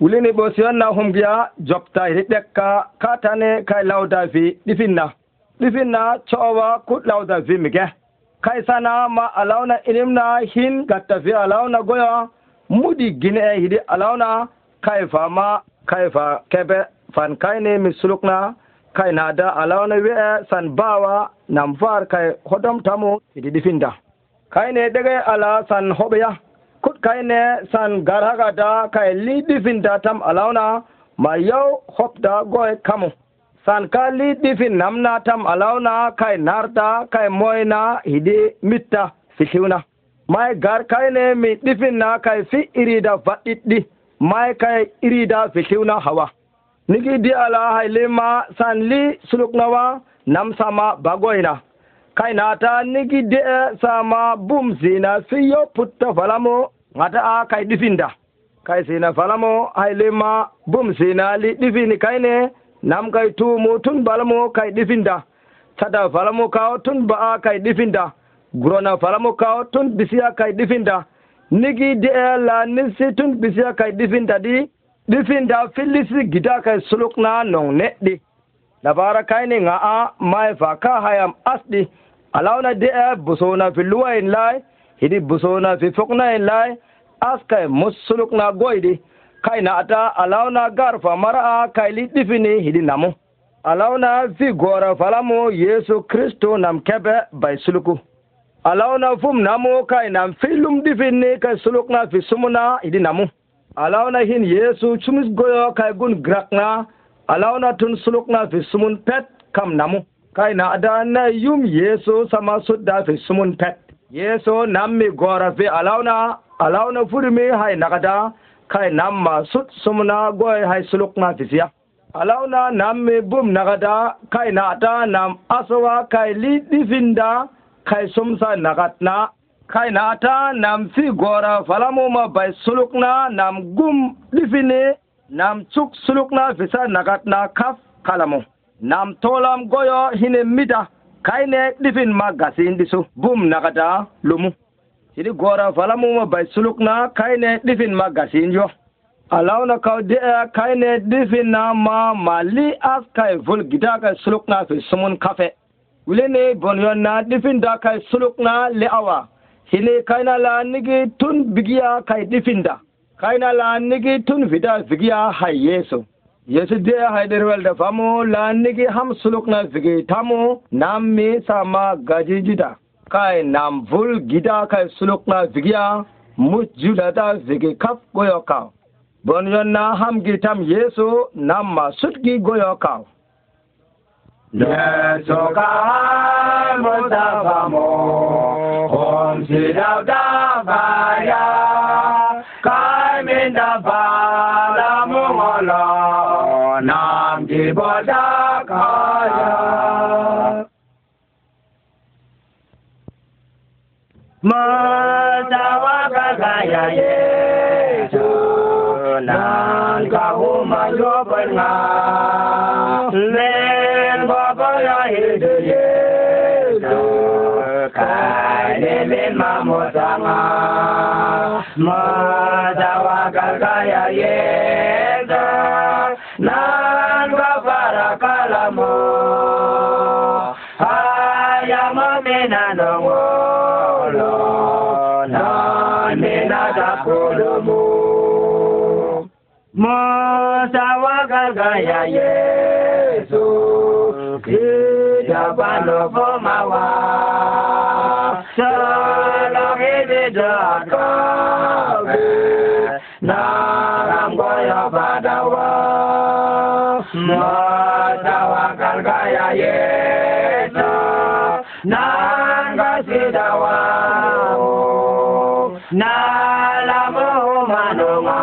wulini ɓosiyonna humgiya jopta hiɗekka katane kai lauda fi ɗifinna ɗifinna cowa ku lauda fi mige kai sana ma alauna inimna hin gatta vi alauna goya mudi gine e hidi alauna kai fa ma kai fa kebe fan kai mi sulukna kai nada alauna wi'e san bawa nam far kai hodom tamu hiɗi ɗifinda ne dege ala san ya kut ne san li difin da tam alauna, ma yaw hopta goye kamo san ka li liɗifin namna tam alauna kai narta kai moina hidi mitta fisiwna mai gar ne mi na kai fi irida vaɗɗiɗɗi mai kai irida fisiwna hawa nigi di ala ma san li suluknawa nam sama kai nata nigi de sama bum zina fiyo putta falamo ngata a kay ɗifinda kay sina falamo hay lema bum sinali ɗifini kayne nam kay tumu tun balamo kay ɗifinda tata falamo kaw tun ba a kay ɗifinda gurona falamo kaw tun bisiya kay ɗifinda nigi di e la nisi tun bisiya kay ɗifinda ɗi ɗifinda filisi gida kay sulukna nong neɗɗi dabara kayne ga a mayfa ka hayam asɗi alawna di e busona filluwayin lay hidi busona fi fokna yin lai aska e musuluk na Kai na ata alawna garfa mara kaili difini hidi namu alawna fi gora falamu yesu kristo nam kebe bai suluku alawna fum namu kai nam filum difini kai sulukna fi sumuna hidi namu alawna hin yesu chumis goyo kai gun grakna alawna tun sulukna fi sumun pet kam namu na ada na yum yesu sama sudda fi sumun pet yeso nam mi gora fe alauna alauna furmi hay nakada kai nam ma sut sumna goy hay suluk na tisya alauna nam mi bum nakada kai na ta nam aswa kai li divinda kai sumsa nakatna kai na ta nam fi gora falamu ma bay suluk na nam gum divine nam chuk suluk na visa nakatna kaf kalamu nam tolam goyo hine mida kaine ɗifin ma gasindi so bum nakata lumu sidi gora ma bai sulukna kaine ɗifin ma gasinjo na kaw de kaine difin na ma mali as kai vul gida kai sulukna fi sumun kafe wilini bonyon na difin da kai sulukna li'awa sini kaina la nigi tun bigiya kai difin da kaina la nigi tun vida bigiya hay yesu de haider welde famu lanigi ham suluk na zigi tamu nam mi sama gaji jida kai nam vul gida kai suluk na zigiya mu juda ta zigi kaf goyo kaw bon yon na ham tam yesu nam ma sutgi goyo kaw yesu ka mo ta famu hon si da na yesu nan ka huma yo ban nga len baba ya hilde yesu ka ne len mamo sama ma dawa ka ya yesu mọ́sáwágàgàyà yẹ́sù ìjọba lọ fọ́ máa wá. Sọ́lọ́ kéde dọ̀dọ̀ bẹ́ẹ̀ náírà ń gbọ́yọ̀ padà wá. Mọ́sáwágàgàyà yẹ́sù náírà sí dáwà. Nalamu manuma.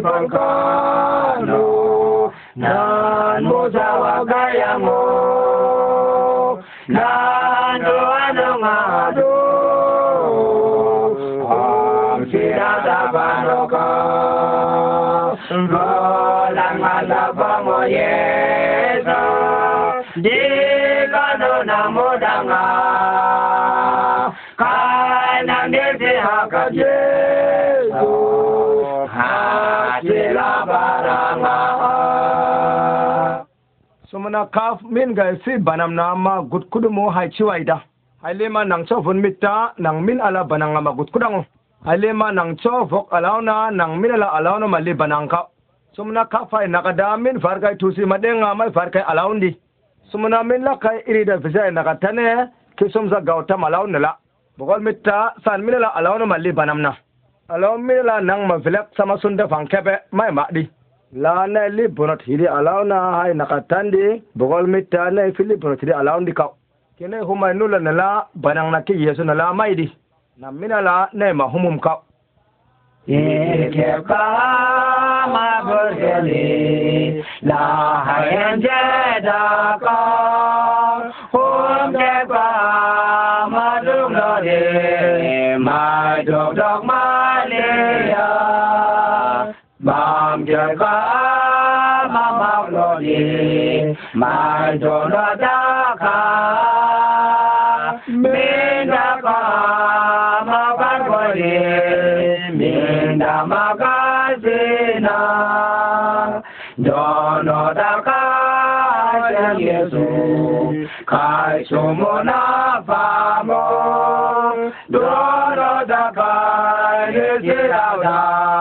volcano nanu zawagayamo nanu anomado amsiradabanoko volang malabamo yeso digano namodanga kanang dirti hakaje sumana kaf min ga si banam na ma gut kudumo hai chiwaida halema nang cho fun mitta nang min ala bananga ma gut kudango halema nang cho vok alauna nang min ala alauna mali banangka sumna ka fai naga da min farkai tusi madenga mai farkai alaundi sumna min la kai iri da visa naga tane ki sumza gauta malauna la bogol mitta san min ala alauna mali banamna alaun min ala nang ma vilak sama sunda fankebe mai madi lana li bonot hidi alauna hay nakatandi bogol mita mitane fili bonot hidi alaundi ka kene humay nula nala banang na ki yesu nala maidi na minala ne mahumum ka Ike ka ma burgeli la hayen jeda ka hum de ma dung ma dog dog ma ìjọba màmá lọ́lẹ̀ máa jọ̀nà dáka mí dáka má bá gbọ́lẹ̀ mí dàmá bá zina jọ̀nà dáka ṣe Yéṣu kàṣọ mọ́nà fàmọ́ dọ̀nà dáka lè ṣe dáadáa.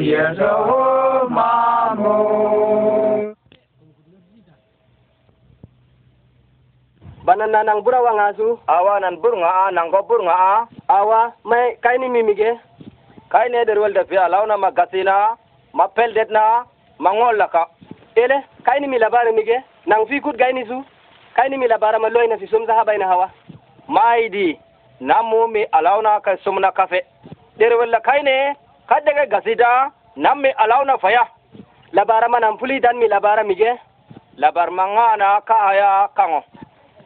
يدعو na banana nang bura su? awa nan burnga a nang ko burnga a awa mai kaini mimige kaini der wel fi alaw na magasina mapel det na mangol laka ele kaini mi labare mige nang fi kut gaini su kaini mi labara ma loina si sumza haba ina hawa maidi namu mi alaw na ka sumna kafe der wel la kaini kadege gasida nammi alawna faya labara manan puli dan mi labara mije labar mangana ka aya kango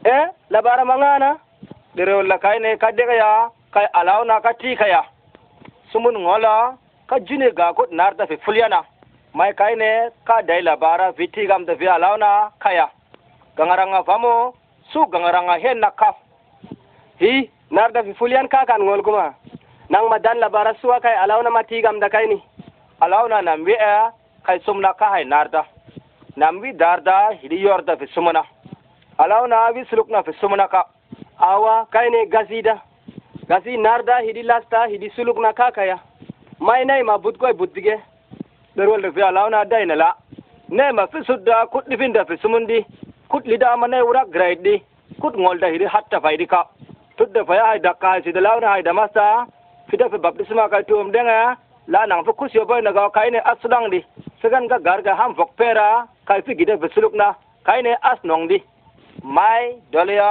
eh labara mangana derewla kayne kadege ya kay alawna ka tika ya sumun ngola ka jine ga ko narta fi fuliana mai kayne ka dai labara viti gam da vi alawna kaya gangaranga famo su gangaranga hen nakaf kaf hi narda fi fulyan ka kan ngol kuma nang madan la barasua kai alauna matigam da kai ni alauna nam wi a e, kai sumna ka hai narda nam wi darda hidiyor da fisumna alauna wi sulukna fisumna ka awa kai ne gazida gasi narda hidi lasta hidi sulukna ka kaya mai nai ma budgoi buddige derwol da fi alauna daina la ne ma fisudda kudifin da fisumundi kutlida ma nai wura graidi kut ngolda hidi hatta di ka tudda da faya hai dakka hai sidalauna hai damasta pida pe baptisma kai tum denga la nang pe kusyo boy na ga kai ne aslang di segan ga gar ga ham vok pera kai fi gide vesuluk na kai ne as nong di mai dolya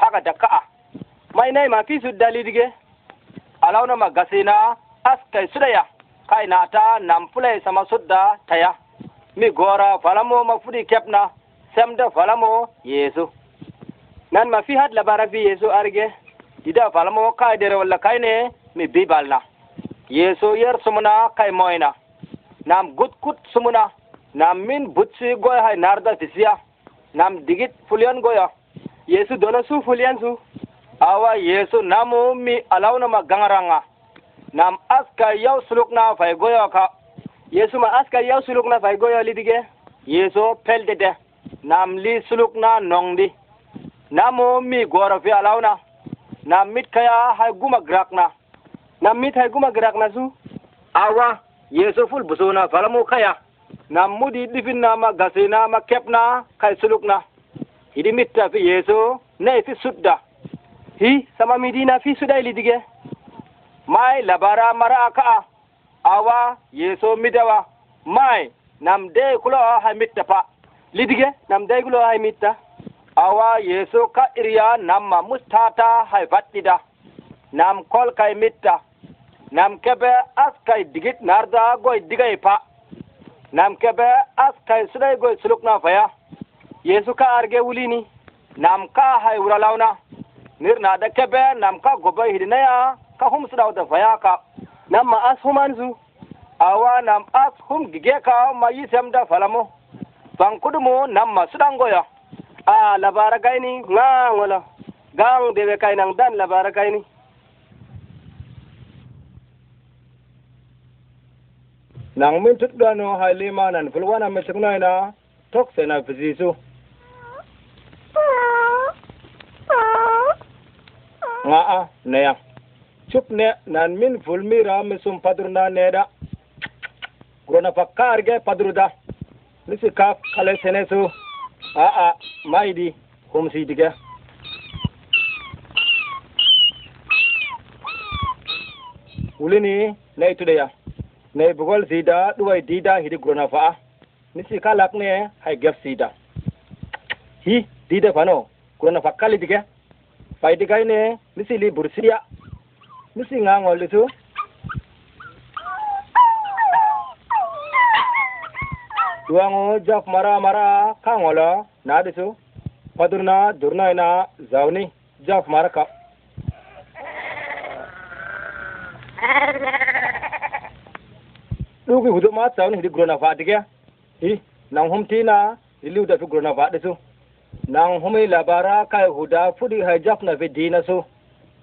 haga daka mai nai ma fi su dali dige alauna ma gasina as kai sudaya kai na ta nam pulai sama sudda taya mi gora falamo ma fudi kepna semda falamo yesu nan ma fi had labara fi yesu arge ida falamo kai dere wala kai ne mi bibalna yeeso yer sumuna kay moyna nam gutkut sumuna nam min butsi goy hay narda tisiya nam digit fulian goya yesu dona su fulian su awa yesu namu mi alauna ma gangaranga nam aska yaw sulukna fay goya ka yesu ma aska yaw sulukna fay goya lidige yeso peldede nam li sulukna nongdi namu mi goro fi alawna nam mit kaya hay guma grakna kuma taiguma giraaknasu awa yeso ful busona falamu kaya nammu di dhifinnama gasinama kepna kai sulukna idi mitta fi yeso na fi sudda hi sama na fi suda ili dige mai labara mara ka'a awa yeso midawa mai nam de kulo ha mitta pa lidige nam de kulo ha mitta awa yeso ka iriya namma mustata hay fattida nam kol kay mitta nam kebe askay digit narda goy digay pa nam kebe askay suday goy na faya yesu ka arge wulini nam ka hay wuralawna nir na da kebe nam ka gobe hidinaya ka hum sudaw da faya ka nam ma as humanzu awa nam as hum gige ka ma yisem da falamo bankudumo nam ma sudango goya a labara gaini nga wala gang dewe kainang dan labara gaini nang min tut da no haile ma nan fulwana mai tukna ina tok sai na fizi su nga a ne ya chup ne nan min fulmi ra mi sum padur na ne da grona pakkar ge padur da misi ka kale sene su a a mai di hum si diga ulini ne itu da ya ne bugol zida duwai dida hidi grona fa'a nisi kalak ne hay gef sida hi dida fano grona fa kali dige fai digai ne nisi li bursiya nisi nga ngol tu duwango jak mara mara ka ngola na disu padurna durna ina zauni jak mara ka ɗugi hudo ma tsawni hidi grona fa dige hi eh, nan humti na ili eh, da fi grona fa disu nan humi labara kai huda fudi hajaf na fi dina so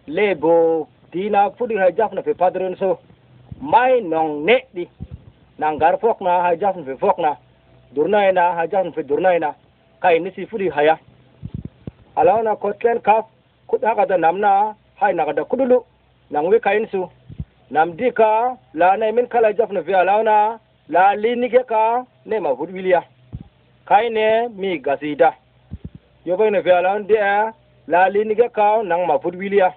lebo dina fudi hajaf na fi padrin so mai non ne di nan gar fok na hajaf na fi fok na durna ina hajaf na fi durna ina kai nisi fudi haya alauna kotlen kaf kuda kada namna hai na kada kudulu nan wi kain su nam dika la na min kala jafna fiya launa la linige ka ne ma wilya. wiliya ne mi gasida yobe ne fiya laun de la linige ka nang ma fud wiliya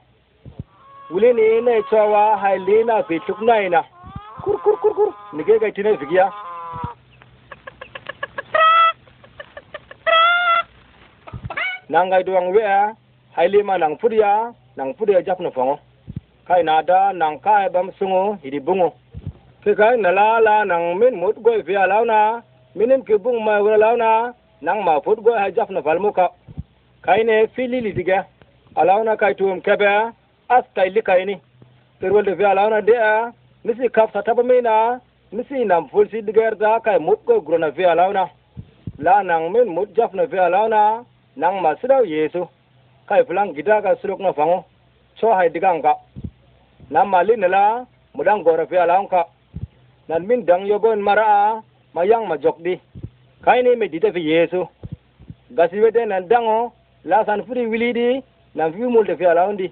wuli ne ne cewa na fi tukna ina kur kur kur kur nige ga tine figiya nangai duang wea hailima nang fudya nang fudya jafna fongo kai na da nang kai bam sungo hidi bungo ke kai na la la nang min mut goi via lao na minim ke bung ma wa lao na nang ma fut goi ha jaf na fal muka ka kai ne fili li diga alao na kai tuum kebe as kai li kai ni terwal de via lao na de a misi kaf sa tabo mina misi nam ful si diga da kai mut goi gro na via lao na la nang min mut jaf na via lao na nang ma sidau yesu kai fulang gida ka sulok na fango cho hai diga ka na mali nila mudang gore fi ka. nan min dang yogon mara mayang majokdi kaini medite fi yesu gasiwete nan dango la san furi di, nan fi multe fi di.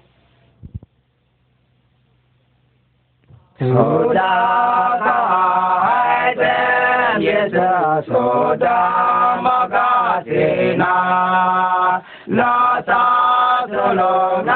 Soda ka haiden yesa soda magasina la sa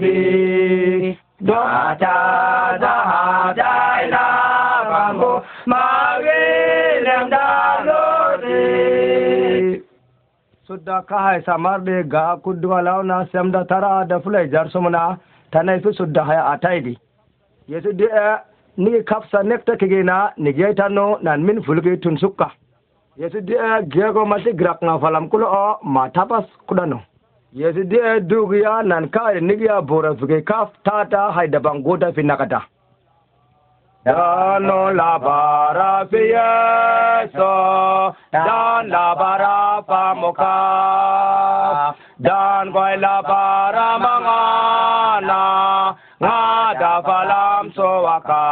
bi da da da da la bambo mare lem da lo de sudda ka samar de ga kudwa launa sam da tara da fulai jar sumna tanai fi sudda hai atai di yesu de ni kapsa nekta na ni gaitano nan min fulgi tun sukka yesu de gego masi grak na falam kulo ma tapas kudano yesi de dug ya nan kare nig ya bora suke kaf tata haida goda fi nakata Dano labara fieso, dan labara pamuka, dan koi labara mangana, ngada falam sowaka,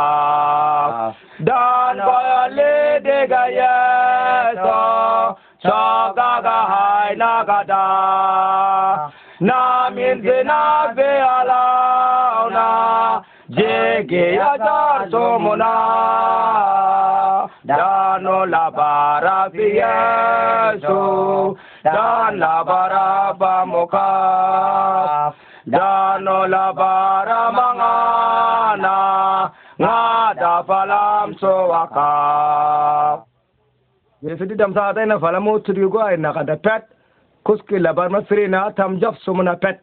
dan koi lidega yeso, sogaga hai nagada. na między na wyalauna, dzięki ya zarco mu na. Dano la bara fiesu, dan la bara bamuka, dano la bara mangana, ngada falam soaka. Yesu di damsa atay na falamu trigo ay nakadapat, kuski labar masri na tam jaf sumuna pet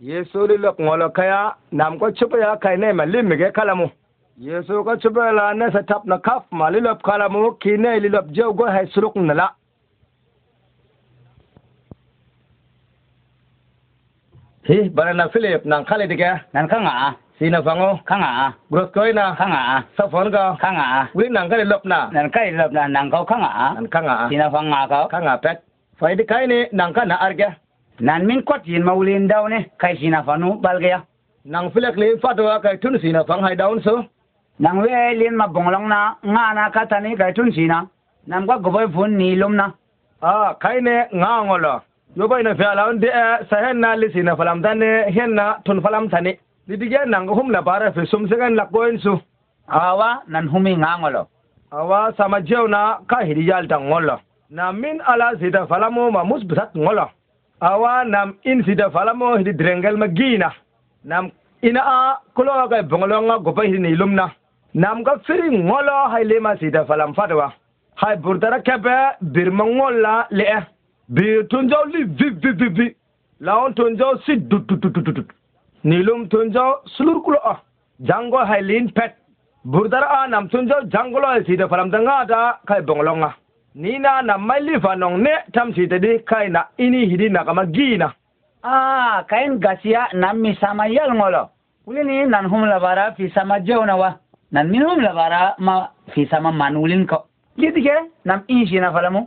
yesu li lok ngolo kaya nam ko chupa ya kai ne ma lim ge kalamu yesu ko chupa la ne sa tap na kaf ma li lop kalamu ki ne li lop jew go hay suruk na la hi bana na philip nang khale de ga nan ka nga sina fango kanga gros koina kanga sa fonga kanga wi nang ka lop na nan kai lop na nang ko kanga nan kanga sina fanga ka kanga pet faidi kaine nang ka na arge nan min kot yin maulin daune kai sina fanu balgeya nang filek li fatwa kai tun sina fang hai daun so nang we lin ma bonglong na nga na katani kai tun sina nam ka goboi fun ni lum na a kaine nga ngolo yo bai na fiala on de sahen na li sina falam tan hen na tun falam tani lidige nang hum la bara fi sum segan la koin su awa nan humi nga ngolo awa samajeu na ka hidijal ngolo. nam min ala sida falamo ma musbitat ngolo awa nam in sida falamo hidi drengel ma gina nam ina a kulo ga bongolo nga gopa hidi nilumna nam ga firi ngolo hay lema sida falam fatwa hay burdara kebe birma ngolla le e. bir tunjaw li vi vi vi vi laon tunjaw si dut dut dut dut nilum tunjaw sulur kulo a jango hay pet burdara a nam tunjo jangolo sida falam danga da kay bongolo nga ni na na mali fanong ne tam si tadi kai na ini hidi na kama gina ah kain gasia na mi sama yal ngolo ulini nan hum la bara fi sama jona wa nan min hum la bara ma fi sama manulin ko yidi ke nam inshi na falamu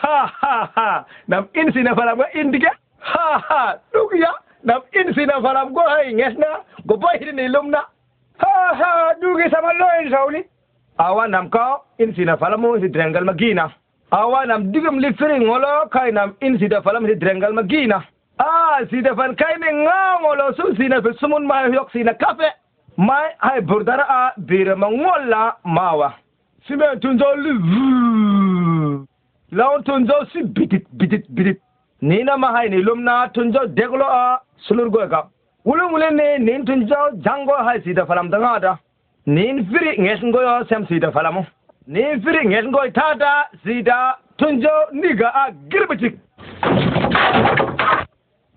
ha ha ha nam inshi na falamu indike ha ha dukiya nam inshi na falamu go hay ngesna go boy hidi ni lumna ha ha dugi sama loin sauli awa nam ka in sina falamu si drengal magina awa nam digam li firi ngolo kai nam in si sida falam si drengal magina a sida fan kai ne nga ngolo sum sina fil sumun ma yok sina kafe mai hay burdara a bira ma ngolla mawa me tunzo li lawn tunzo si bitit bitit bitit ni na ma hay ni lumna tunzo deglo a sulurgo ka wulun wulun ne ni tunzo jango hay sida falam dangada ninfiri ngeshingoyo semsida falamo ninfiri ngeshingoy tata sida tunjo niga a girbitik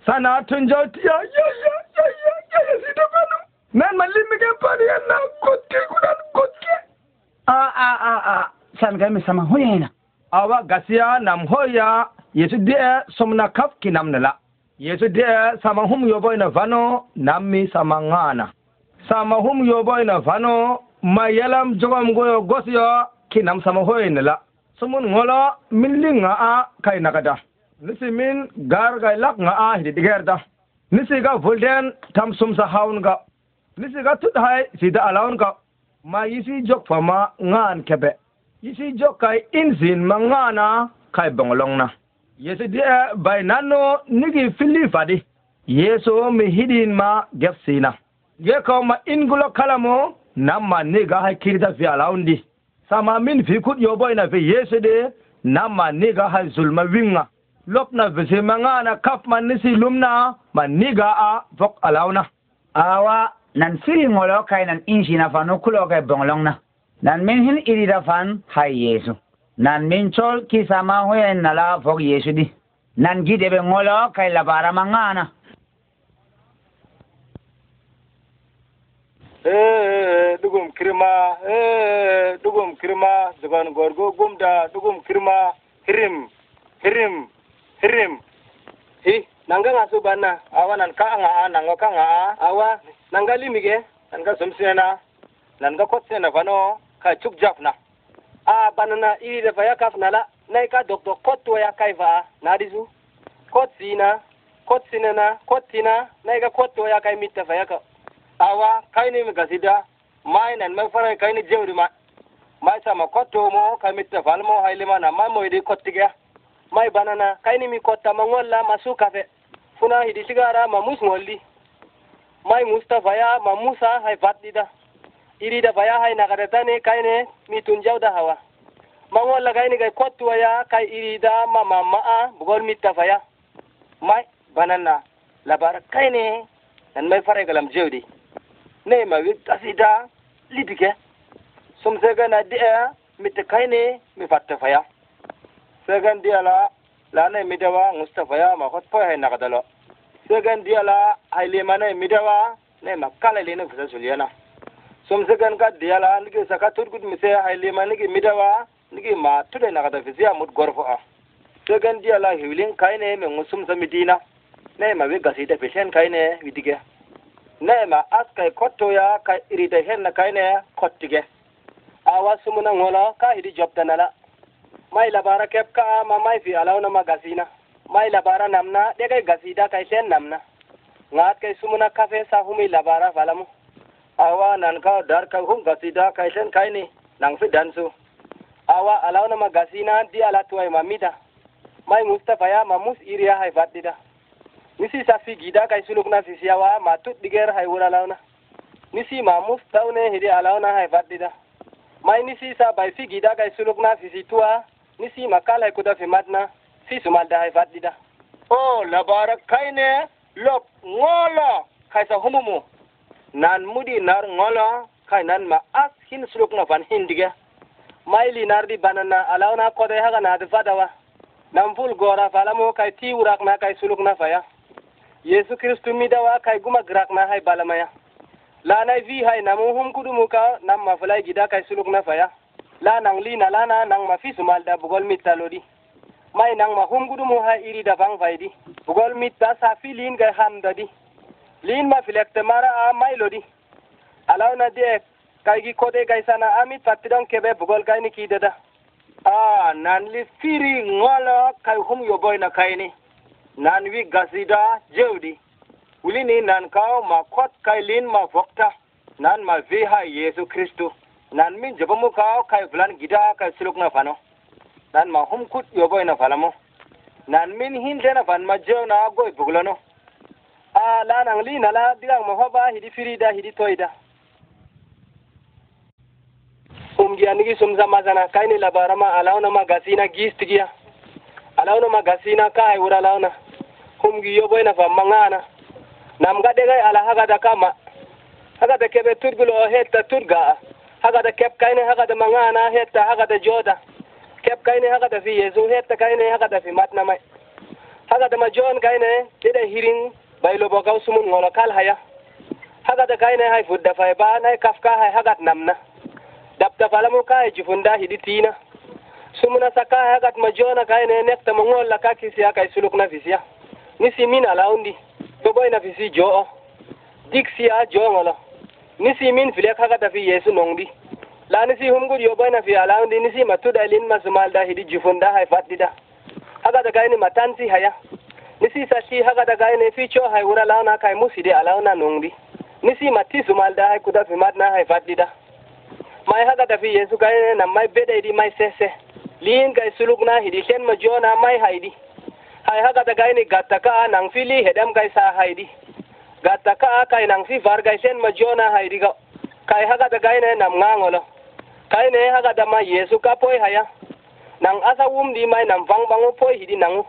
sana tunjo tiya yaya yaya yaya sida falamo men malimige pariya na kotke kudan kotke a a a a sangai misama hoyena awa gasiya nam hoya yesu de somna kafki namnala yesu de sama hum yoboy na vano nammi sama ngana sama hum yo boy na fano ma yalam jogam go gosyo kinam sama hoyne la sumun ngolo min linga a kai nakada nisi min gar gai lak nga a hidi da. nisi ga vulden tam sumsa haun ga nisi ga tut hai sida alaun ga ma yisi jok fama ngan kebe yisi jok kai inzin ma ngana kai bongolong na yesi dia bai nano nigi fili fadi yeso mi hidin ma gefsina ge ko ma ingulo kalamo ma ni ga hay kirda fi alaundi sama min fi kut yo boy na fi yesu de ma ni ga hay zulma winga lopna vese manga na kaf man ni si lumna ma ni ga a fok alauna awa nan fili ngolo kai nan inji na fanu kulo kai bonglong na nan min hin iri da fan hay yesu nan min chol kisama na la fok yesu di nan gidebe ngolo kai labara mangana Eh, dugum kirma eh, dugum kirma zaban gorgo gumda dugum kirma hirim hirim hirim hi nanga ngasu bana awa nan ka nga nanga ka nga awa nanga limige nanga sumsena nanga kotsena vano ka chukjapna a banana iri da vaya kafna la nai ka doktor kotwa ya kaiva na dizu kotsina na kotina nai ka kotwa ya kai mita vaya ka awa kaini mi gasida mai nan mai fara kaini jewri ma mai sama kotto mo kamitta falmo ma na mai moydi kottigeya mai banana kaini mi kotta ma ngolla ma su kafe funa hidi sigara ma mus ngolli mai mustafa ya ma musa hay iri da baya hay nagadetani kaine mi da hawa ma ngolla kaini ya kottuwaya kay da ma mama a bugol faya mai banana labar kaine nan mai fara galam jewdi ne ma wi kasida lidike som sega na dia eh, mita kaine mi fatta faya segan dia la la ne mi dawa mustafa ya ma hot fa na kadalo segan dia la aile mana mi dawa ne ma kala le ne fusa juliana som segan ka dia la nige saka turgut mi se aile mana nige mi dawa nige ma tude na kadalo fisiya mut gorfo a segan dia la hiwlin kaine me ngusum sa midina ne ma wi gasita peshen kaine vidike nema askay e kottoya ka irida henna kayneya kottige awa sumuna ŋolo ka hidi jobdanala mai labara kep ka ma mai fi alawna ma may mai labara namna ɗegay gasida kay sen namna ŋaat kay sumuna kafe sa humi labara falamu awa nan ka dar ka hum gasida kay sen kayni naŋ fi dansu awa alawna ma di ala tuway mamida mai mustafa ya mamus iriya hay faddida nisi safi gida kai suluk na sisi ma matut diger hai wura launa nisi ma muf taune hidi alauna hay dida mai nisi sa bai fi gida kai suluk na tua nisi ma hai kuda fi madna fi sumalda hai hay dida. oh labara kaine lop ngola kai sa humumu nan mudi nar ngola kai nan ma as hin suluk na van diga. mai li nar di banana alauna kode haga na da fadawa nan ful gora falamu kai ti urak na kai suluk na faya yesu kristu midawa kai guma grak na hay balamaya na vi hai namu hum kudumu ka nam ma gida kai suluk na faya la nang lina lana nang ma fi sumal da bugol mittalodi Mai nang ma hum kudumu iri da bang faydi bugol mitta sa fi lin da di. lin ma filekte mara a maylodi alawna de gi kode kai sana amit pattidon kebe bugol gayni kideda a ah, nan li firi ngolo kai hum kai ni nan wi gasida jewdi wulini nan kaw ma kot kailin ma vokta nan ma vi ha yesu kristo nan min jabamu kaw kai vlan gida kai siluk na fano nan ma hum kut yoboy na falamo nan min hinde na van ma jew na goy buglono a lanang li na la ma hoba hidi firida hidi toida umgiya nigi sumza mazana kaini labarama alauna ma gasina alauna ma gasina kai wura launa kum gi yoboy na famma ngana nam ga degay ala haga da kama haga da kebe turgulo hetta turga haga da kep kaine haga da mangana hetta haga da joda kep kaine haga da fi yesu hetta kaine haga da fi matna mai haga da majon kaine tida hirin lobo ga sumun ngolo kal haya haga da kaine hay fudda fay ba nay kafka hay haga namna dabta falamu kai jifunda hiditina sumuna saka haga majona kaine nekta mongol la kakisi haga isuluk na visiya nisi min ala undi tobo ina fisi joo diksi a jo ngolo nisi min file kaga tafi yesu nongdi la nisi humgud yobo ina fi ala undi nisi matuda ilin masumal da hidi jufunda hay fatida haga daga ini matansi haya nisi sashi haga daga fi cho hay wura launa kai muside ala una nongdi nisi matti sumal da hay kuda fi madna hay fatida mai haga tafi yesu gaini na mai beda idi mai sese liin kai na hidi shen ma mai haidi hay haga ta gaini gatta ka nang fili hedam kai sa haidi gatta ka kai nang fi var kai sen ma jona haidi ga kai haga ta gaine nam ngangolo kai ne haga ta ma yesu ka poi haya nang asa wum di mai nam vang bang bangu poi hidi nangu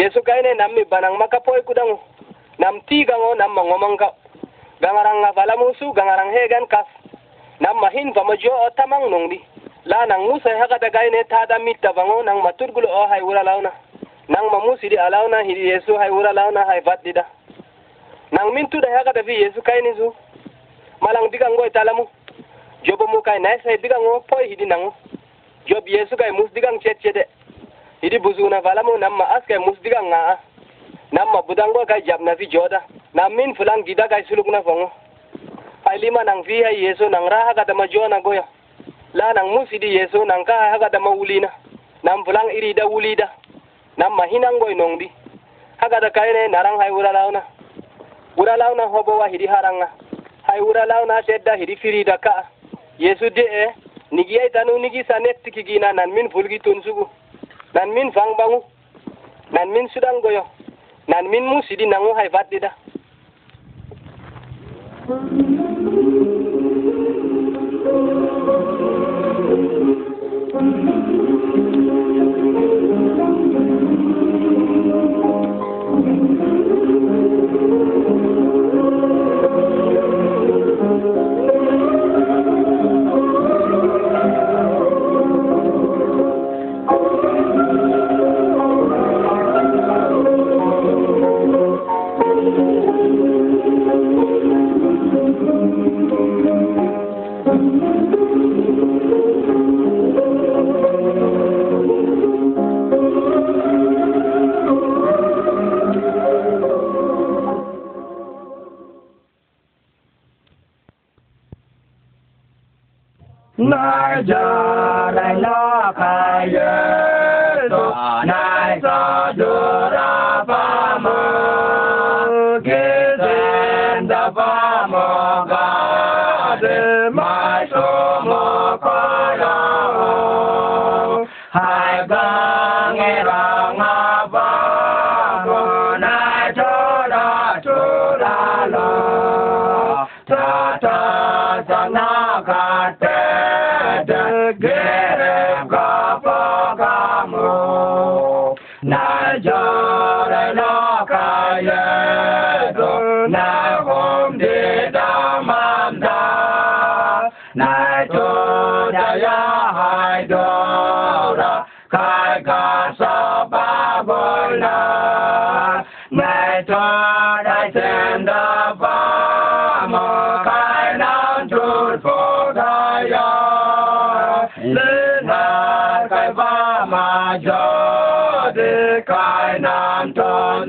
yesu kai ne nam mi banang maka poi kudangu nam ti gango nam ma ngomong ga gangarang ngavala musu gangarang hegan kas nam mahin vama jo o tamang nongdi la nang musa haga ta gaine ta da bang bango nang maturgulo o hay wura launa nang mamu sidi alauna hidi yesu hay wura lawna hay vaddida nang min tuda yakata fi yesu kayni su malang digango e talamu jobo mu kay nay say digango poy hidi nango job yesu kay mus digang cetcede hidi buzuna valamu nam namma askay mus ma nga'a namma budango kay jabna fi joda nam min fulang gida kai suluk na fongo hay lima nang fi hay yesu nang raha katama jona goya la nang musidi yesu nang ka hakatama ulina, nam fulang irida ulida. Na na mahinangoy nongdi hagada kayne naran hay wuralawna na. hobowa hiɗi haranga hay wuralawna sedda hiɗi firida ka'a yeesu de'e eh. nigi yeytanu nigi sanet tikigina nan min fulgi tun sugu nan min fangbangu nan min suɗangoyo nan min mu siɗi nangu hay vadɗiɗa Thank you.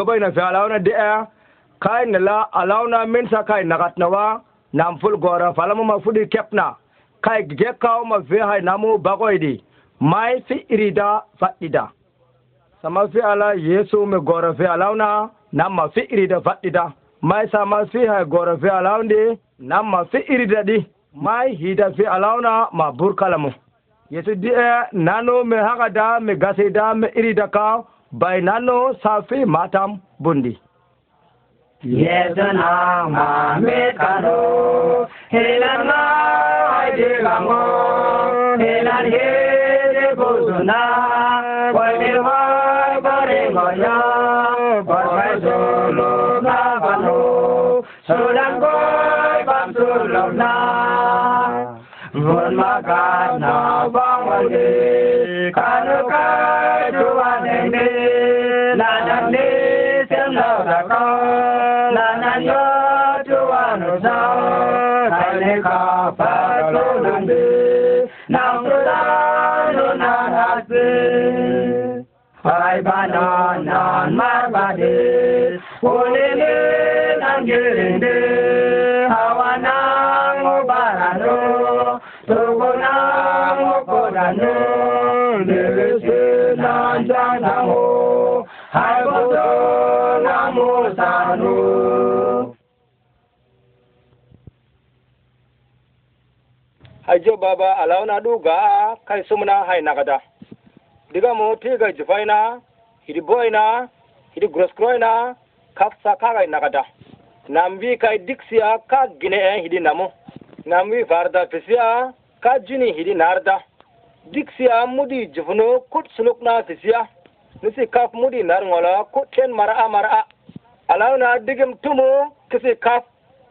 yo bay na fe de a kai na la alawna min sa kai na gat na wa na ful gora fala ma fudi kepna kai ge kawo ma fi hai na mu bagoy di mai fi irida fadida sama fi ala yesu me gora fi alauna na ma fi irida fadida mai sama fi hai gora fe di na ma fi irida di mai hida fi alauna ma burkalamu yesu di e nano me haga da me gasi da me irida kawo bainano safi matam bundi yedana ma mekano helana aidegamo helan hele bozuna kolewa nên đi là nang đi tiếng lầu là con là nang con jo baba alauna duga kai sumna hai nagada diga mo tiga ga jifaina hidi boyna hidi groskroina kafsa kaga nagada nambi kai diksia ka gine en eh hidi namo nambi farda fisia ka jini hidi narda diksia mudi jifno kut sulukna fisia nisi kaf mudi nar kut ten mara mara a. alauna digim tumu kisi kaf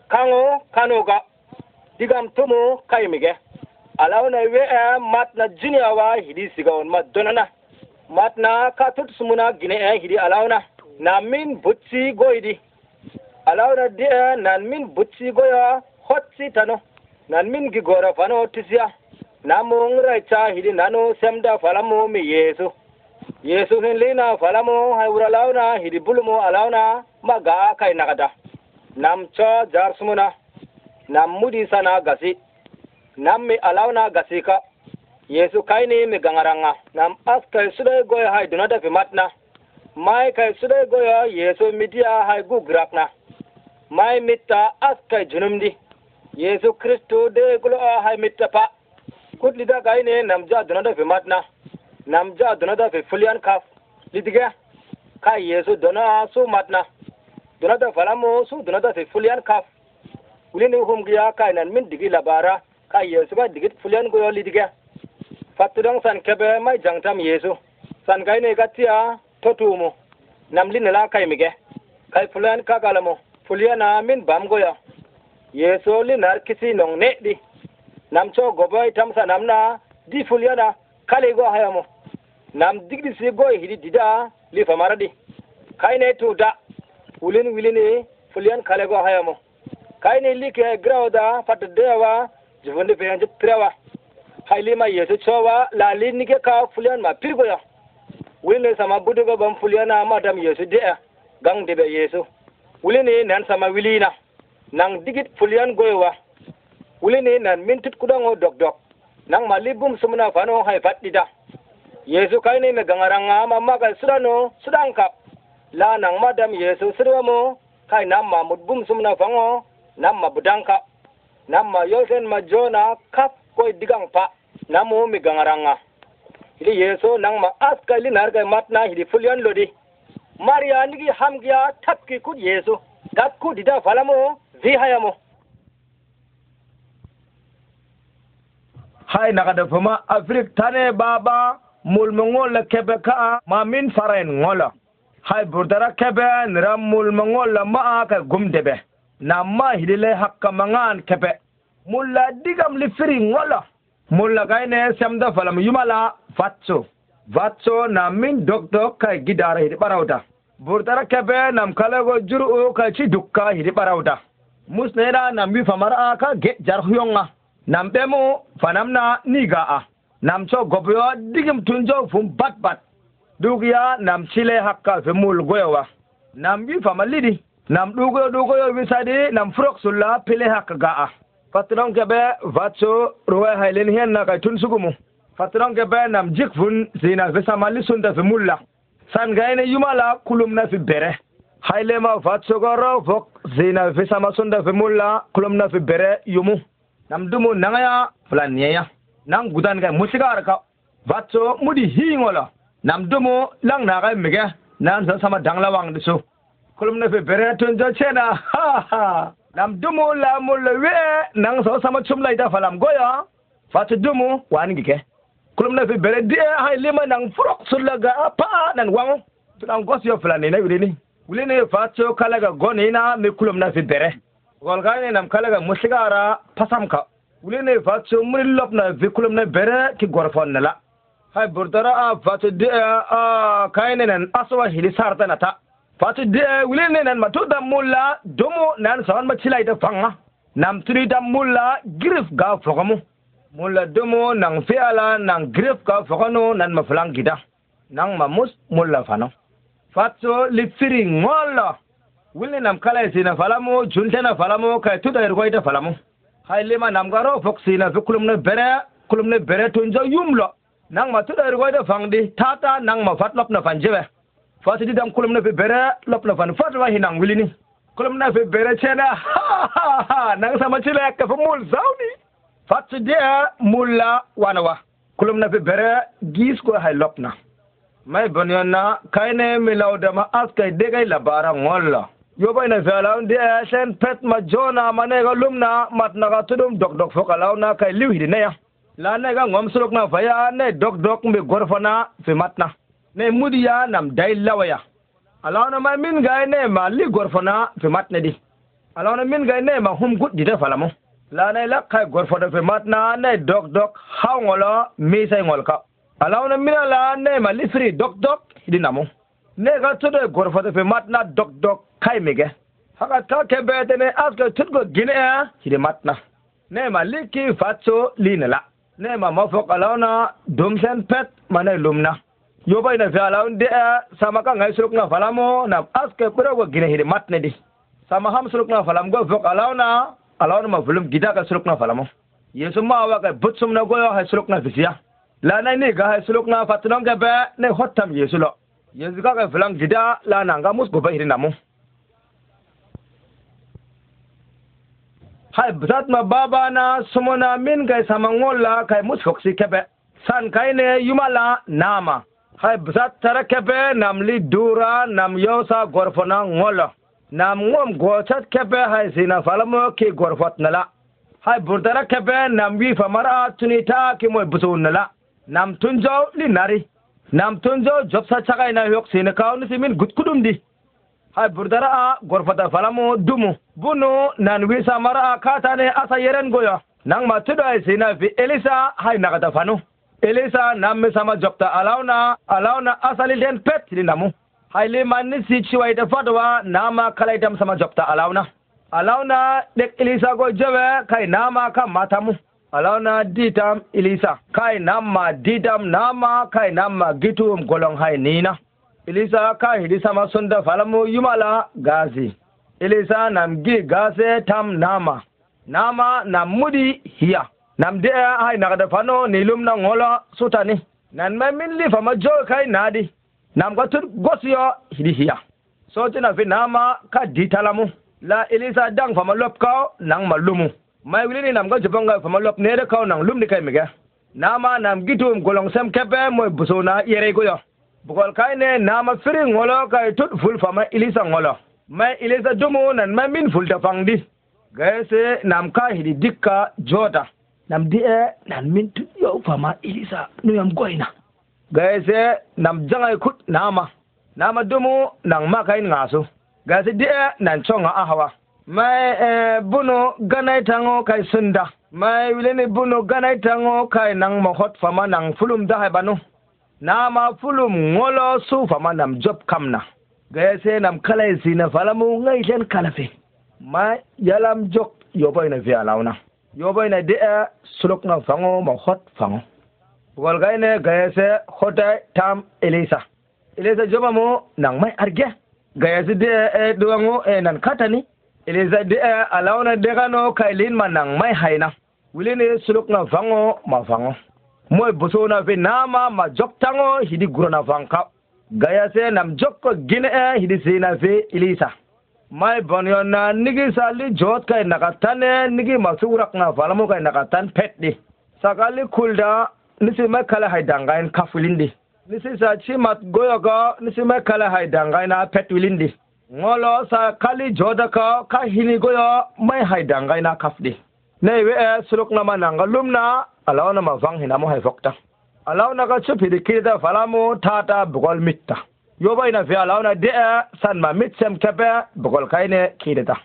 kango kanoga digam kai mige alauna we a eh, matna juniyawa hidi siga on ma donana matna ka tut sumuna gine a eh, hidi alauna na min butsi goidi alauna di eh, a min butsi goya hotsi tano na min gigora fano tisiya na mun raicha hidi nano semda falamo mi yesu yesu hin lina falamo haura launa hidi bulmo alauna maga kai nakada namcho jarsumuna namudi sana gasi nam mi alaw gasika yesu kaini mi gangaranga nam as kai sudai goy hai dunada fi matna mai kai sudai goy yesu midia hai gu grakna mai mitta as kai junumdi yesu kristo de gulo hai mitta pa kut lida kaini nam ja dunada fi matna nam ja dunada fi fulian kaf lidiga kai yesu dona su matna dunada falamo su dunada fi fulian kaf wulini hum giya kainan min digi labara ka yesu ba digit fulen ko yoli dige fatudong san kebe mai jangtam yesu san kai ne katia totumo namli nila kai mige kai fulen ka galamo fulen na min bam go ya yesu li nar kisi nong ne di namcho goboy tam sa namna di fulen na kale go hayamo nam digdi si go hidi dida li famara di kai ne tuda wulin wulini fulen kale go hayamo kai ne like grawda fatdewa jimande pe yanji prewa haile ma yeso chowa lali nike ka fulian ma pirgo ya wile sama budu go ban fulian ma dam yeso de gang de be yeso wile ne nan sama na nang digit fulian wa wile ne nan mintit kudango dok dok nang malibum sumna fano hay fatida yesu kai ni me gangaranga ma ma ka sudano sudanka la nang madam yesu mo kai nam ma mudbum sumna fango nam ma budanka ma yosen ma jona kap koy digang pa namu mi gangaranga ili yeso nangma askali narga matna hidi fulyan lodi mariya nigi hamgiya tapki kud yeso dat ku dida falamo vi hayamo hay nakada fama afrik tane baba mulmungo la kebe ka ma min faren ngola hay burdara kebe nira mulmungo la maa ka gumdebe namma hilile hakka mangan kepe mulla digam li firi ngola mulla gayne semda falam yumala fatso fatso na min dokdo kay gidara hidi barawda burdara kepe nam kalego juru kay ci dukka hidi barawda musnera nam bi famara ka ge jar nam bemo fanamna niga a nam so gobyo digim tunjo fum bat bat dugya nam sile hakka fe mul goyowa nam wi famalidi nam ɗugoyo ɗugoyo wisadi nam furok sulla pile hak ga'a fatron keɓe vatso ruwe haylen hen na kai tun sugumu fatron keɓe nam jik fun zina visa mali sunta fi mulla san gayne yumala kulumna fi bere haylema vatsogoro vok zina visa masunda fi mulla kulumna fi bere yumu nam dumu nangaya fulan nyeya nang gudan ga musigar ka vatso mudi hingolo nam dumu lang na ga mige nan san sama dangla wang disu kulum na fe bere tun jo chena ha ha lam dumu la mulle we nang so sama chum lai da falam goya fatu dumu wani gike kulum na fe bere de hay lima nang furok sulaga apa nan wang tunan gosyo fulani na yulini ne fatu kalaga goni na mi kulum na fe bere ne nam kalaga musligara pasamka ne fatu murilop na vi kulum na bere ki gorfon na la hay burdara a fatu de a kainen aswa hilisarta na ta fati wili ne nan matu da mulla domo nan sawan macila ita fanga nam tuni da mulla grif ga fogamu mulla domo nan fiala nan grif ga fogano nan mafulan gida nan mamus mulla fano fatso lifiri ngolla wili nam kala sina falamu junte na falamo kay tuda irgo ita falamo haylima nam garo foksina fi kulum ne bere kulum ne bere tunjo yumlo nan matu da irgo ita fangdi tata nan mafatlop na fanjebe fasidi dan kulum na fi bere fati fatwa wili ni. kulum na fi bere chena ha ha ha nang sama chila ya kafa mul zauni fatidi e, mulla wanawa kulum na fi bere gis ko hay na mai banyan na kaine milau da ma askai degai labaran walla yo bai na zalaun da e, shen pet ma jona mane ga lumna mat na ga tudum dok dok fokalaw na kai liwi ne ya la ne ga ngom na faya ne dok dok mbe gorfana fi matna ne mudiya nam dai lawaya alawna ma min ga ne ma li gorfona fi matne di alawna min ga ne ma hum guddi da falamo la ne la kai gorfona fi matna ne dok dok hawngolo mi sai ngolka alawna min la ne ma li fri dok dok di namo ne ga to de gorfona fi matna dok dok kai mege haka ta ke bete ne aske tutgo gine ya hidi matna ne ma li ki fatso li ne la ne ma mafok alawna dumsen pet ma ne lumna yoba ina fiala un dea eh, sama kan ngai suluk na falamo na aske pura go gina hire mat ne di sama ham suluk na falam go vok alaw na alaw ma fulum gida ka suluk na falamo yesu ma wa ka but sum na go ha suluk na fisiya la na ni ga ha suluk na fatnom ga ba ne hotam yesu lo yesu ka ka falam gida la na ga mus go ba hire namu. mo hai bzat ma baba na sumona min ga sama ngola kai mus foksi kebe san kai ne yumala nama hay bzat tarakebe nam li dura nam yosa gorfona ngolo nam ngom gochat kebe hay zina falamo ki gorfot nala hay burdara kebe nam wi famara tunita ki moy busun nala nam tunjo li nari nam tunjo jobsa chaga ina yok sina kawni simin gutkudum di hay burdara a gorfota falamo dumu bunu nan wi samara a katane asa yeren goyo nang matudo ay sina fi elisa hay nagata fanu elisa namme sama jobta alawna alawna asaliten pettilindamu hayle manni si ciwayde fadwa nama kalaytam sama jobta alawna ilisa ɗek elisa go jowe kay ma kam matamu Alauna ditam elisa kay namma didam nama kay namma gituwum golon hay nina elisa ka hidi sama sunda falamu yumala gasi elisa nam gi gase tam nama nama nam mudi hiya nam de a hay nagda fano ni lum na ngolo sutani nan ma min li fama jo kai nadi nam ga tur gosiyo hiya. so tina fi nama ka ditalamu la elisa dang fama lop kao nang lumu. mai ni nam ga joponga fama lop nere kaw nang lum ni kai miga nama nam gitum golong sem kepe moy busona yere goyo bugol kai ne nama firi ngolo kai tut ful fama elisa ngolo mai elisa dumu nan ma min ful da fangdi gaese nam ka hidi dikka jota nam di'e eh, e, nan min tu'yo fama ilisa nuyam goyna gaise nam jangai kut naama. naama dumu nan makain ngasu gaise di'e nan chonga ahawa mai eh, bunu ganai tango kai sunda mai wilini bunu ganai tango kai nang mahot fama nan fulum dahai banu naama fulum ngolo su fama nam job kamna gaise eh, nam kalai e sina falamu ngai len kalafe ma yalam jok yoboy na vi alauna yoboy na de sulok na fango ma hot fango gol gay ne gayese hota tam elisa elisa joba mo nang arge gayese de e duwango e nan katani elisa de e alawna de kano kailin ma nang haina wilini sulok na fango ma fango moy boso na fe nama ma tango hidi gurona fanka gayese nam jokko gine e hidi sina fe elisa mai bonyon na nigi sali jot kai nakatan ne nigi masurak na falamu kai nakatan pet di sakali kulda nisi mai kala hai dangain kafulin di nisi sa chi mat goyogo nisi mai kala hai dangain na pet wilin di ngolo sakali joda ka ka hini goyo mai hai dangain na kafdi ne we e suluk na mananga lumna alaw na mavang hina mo hai fokta alaw na ka chupidi kirda falamu tata bugol mitta yoba ina fiya launa de'a san ma mitsem ne ki da ta.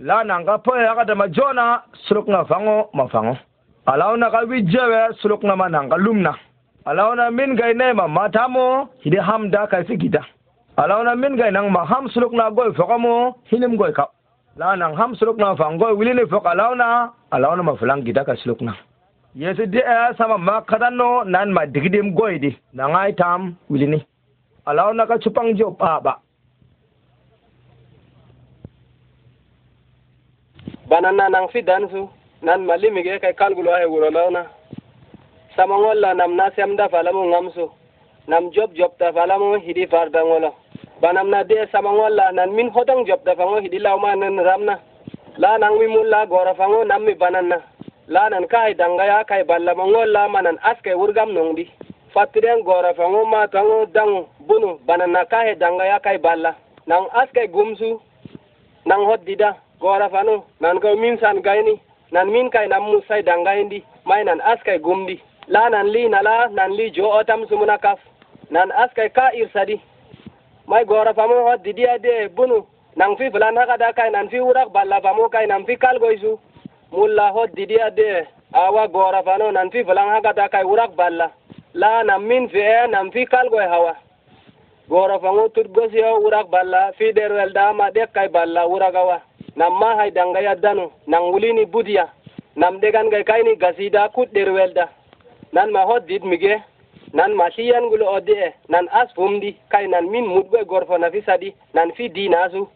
la nanga po ya e da ma jona suluk na fango ma fango alauna ka wijewe suluk na ma nanga lumna alauna min gai ne ma matamo hide hamda kai fikita alauna min gai nang ma ham suluk na goy mo hinim goi ka la nang ham suluk na fango wilini fok alauna alauna ma fulang gida ka suluk na yesu de'a sama ma kadanno nan ma goi di na nangai tam wilini alaw naka cupang jo paba banan na nang fidan su nan malimige kay kalgulo ay wuro na da falamu nam job job falamu hidi banam na de nan min hodang job da fango hidi nan la nang mi gora fango nam mi banan na la nan dangaya balla manan wurgam fatiren gora fango ma tango dango bunu banana kahe danga ya kai balla nang aske gumsu nang hot dida gora fano nan ko min san gaini nan min kai nam musai danga indi mai nan aske gumdi la nan li nala nan li jo otam sumuna kaf nan aske ka irsadi mai gora famo hot didia de bunu nang fi fulan haka da kai nan fi urak balla famo kai nan fi kalgoisu mulla hot didia de awa gora fano nan fi fulan haka da kai urak balla la nam min fi'e nam fi kalgoy hawa goro fango gosi gosiyo e, wurak balla fi derwel dama dekkay balla wuragawa nam ma hay dangaya danu nan wulini budiya nam degangay kayni gasida kut da nan ma hoddit mige nan ma tliyangulu o e nan as fumdi kai nan min mudgoe gorfo na fi sadi nan fi dinasu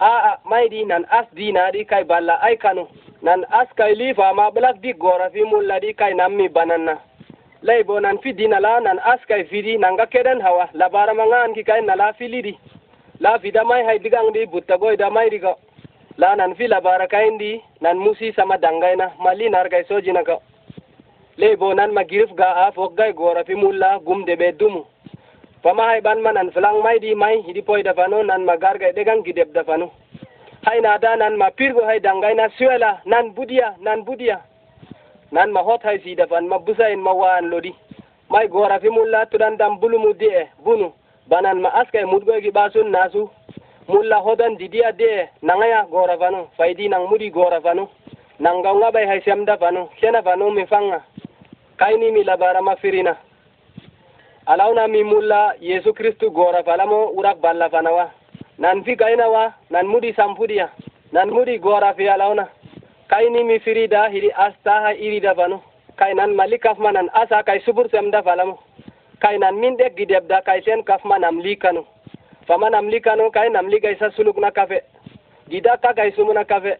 a'a di nan as di kai balla ai kanu nan as kai lifa ma ɓlak dik gora fi mullaɗi kay mi bananna laibo nan fidi nala nan askai e fidi nanga keden hawa labara mangan ki kai nala lidi. la vida mai hai digang di butta goi da mai rigo la nan fi labara kai ndi nan musi sama dangai na mali nar gai soji na ko. laibo nan girif ga a fok gai gora fi mulla gum de be dumu pama hai ban manan flang mai di mai hidi poi da fano nan gar gai degang gidep da fano hai na da nan ma pirgo hai dangai na suela nan budia nan budia nan ma hot hay siidafan ma busayin ma waan lodi may fi mulla laattudan dan bulumu di'e bunu banan ma askay e e gi basun nasu mulla hodan didiya di'e nangaya goorafanu faidi nang mudi goorafanu bai hayi hay da fanu kena fanu mi fanga kaini mi ma firina alauna mi mulla yesu kristu goorafalamo urak ballafanawa nan fi wa. nan mudi sampudia nan mudi goorafi alawna kayni mi firida hidi astaha irida banu kaynan mali kafmanan asa kay subur sem dafalamu kaynan min dek da kay sen kafman amlikanu faman likano kay sa isa na kafe gida ka kay sumuna kafe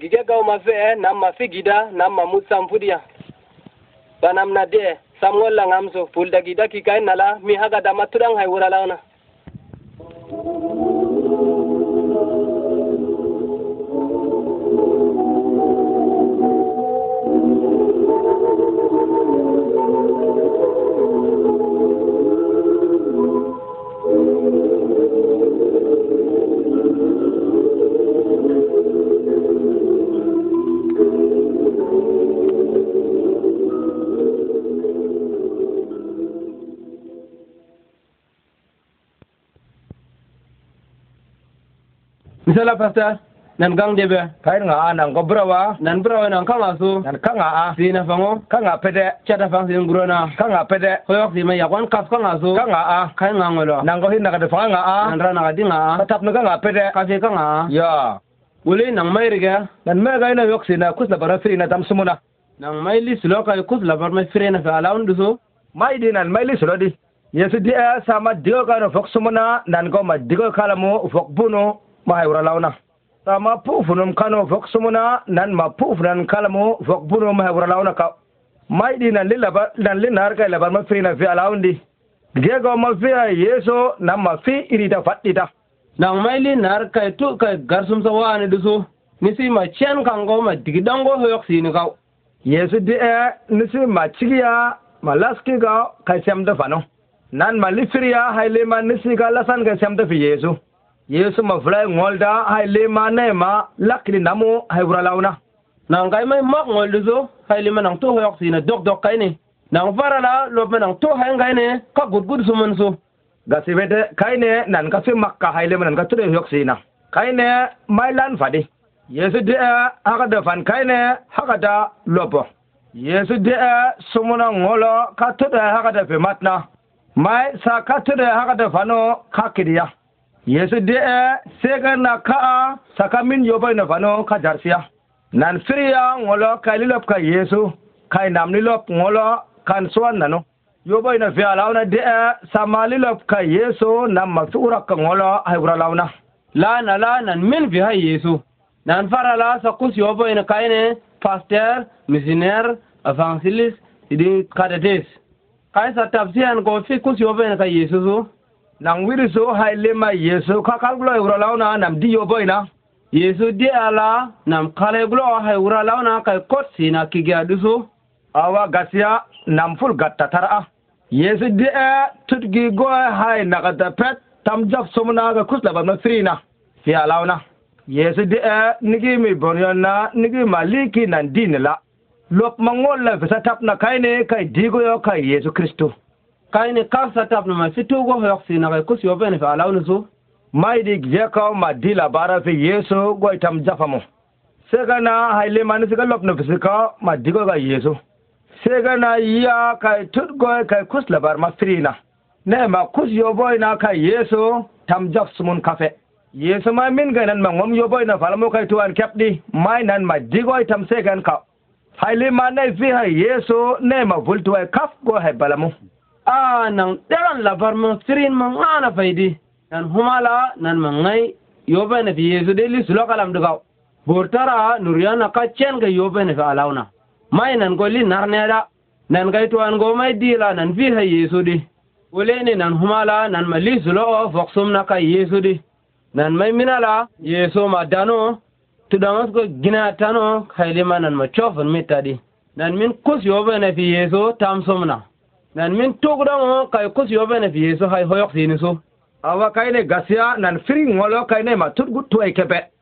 gige gaw ma fe eh, ma fi gida nam namma mut nam na de samwolla ngam so pulda gida ki kay nala mi haga dama tudang hay wuralawna Thank you. misala pastor nan gang debe kair nga a nan go nan brawa nan kanga su nan kanga a si na fango kanga pede chata fang sin na. kanga pede hoyok si me yakwan kaf kanga su kanga a kair nga ngolo nan go hin na ka de fanga a nan ra na ka dinga a tap na kanga pede ka si kanga a ya wuli nan mai riga nan mai ga ina yok si na kus na bara firi na tam sumuna nan mai li sulo ka kus la bar mai firi na fa ala undu su mai di nan mai li sulo di yesu di a e, sama digo ka no fok sumuna nan go ma digo kala mo fok buno mahayura launa ma pufunum kano fok sumuna nan ma pufnan kalamo fok bunu mahayura launa ka di nan li nar kay labar mafi firina fi alawndi gego mafi fiya yeso nan ma fi ta faɗɗita dan maili nar kay tu kai garsum sa wani dusu nisi ma cen kango ma digi digidango hoyok ni kau. yesu di e nisi ma cikiya ma laski kaw kay semda fano nan ma lifiriya hayle ma nisi ka lasan kay semda fi yesu yesu ma mavula ing'olda hailima neema lakini namu haivura launa nang kai mai mak ng'oldi zo hailima nang to hoyok sina dok dok kaini nang varala lop me nang to hai ngaine ka gud gud sumun su gasivete kaine nan ka se makka hailima nan ka ture hoyok sina kaine mai lan fadi yesu de haka da fan kaine haka da lopo yesu de sumuna ng'olo ka ture haka da fematna mai sa ka ture haka da fano ka kidiya yesu de e na ka'a saka min yobai na fano ka jarsiya nan firiya ngolo kai lilop ka yesu kai nam lilop ngolo kan suwan nano yobai na fiya launa de eh, sama lilop ka yesu nam masura ka ngolo haibura launa la na la nan min fi yesu nan fara la sakus yobai na kai ne pasteur missionnaire evangelist idin kadates kai sa tafsiyan ko fi kus yobai na ka yesu so nang wiri so hai lema yeso kakal glo e ura launa nam di yo boina yeso di ala nam kale glo hai ura launa kai kot sina kigya duso awa gasiya nam ful gatta tara yeso di a tutgi go hai nakata pet tam jaf somna ga kusla bam na srina fi launa yeso di a nigi mi nigi maliki nan dinla lop mangol la visa tap na kaine kai digo yo kai yeso kristo kaine kaksa tap na ma situ go hok si na ko si open fa ala so mai di gje ka ma di la bara fe yeso go itam jafa mo se ga na haile man se ga lop na fisi ka ma di ga yeso se ga na ya kai tut go kai kus la bar ma frina ne ma kus yo boy na kai yeso tam jaf sumun kafe yeso ma min ga nan ma ngom yo boy na falamo kai tuan kepdi mai nan ma di go itam se gan ka haile ma ne fi ha yeso ne ma vultu kaf go hai balamo nan ɗaran labar man sirin man ana faidi nan humala nan man ngai yobe ne fi yesu de li sulo kalam dugaw bortara na ka chen ga yobe ne fi alawna mai nan ko li narneda nan gai to an go mai dila nan fi ha yesu de wolene nan humala nan ma li sulo foksum na ka yesu de nan mai minala yeso ma dano tu damas ko gina tano khailima nan ma chofun mitadi nan min kus yobe ne fi yesu tamsumna nan min tugdamo kay kusiyo bene fi yeeso hay hoyok siini so awa ne gasiya nan firi ŋolo kayne ma tut gut tuway kepe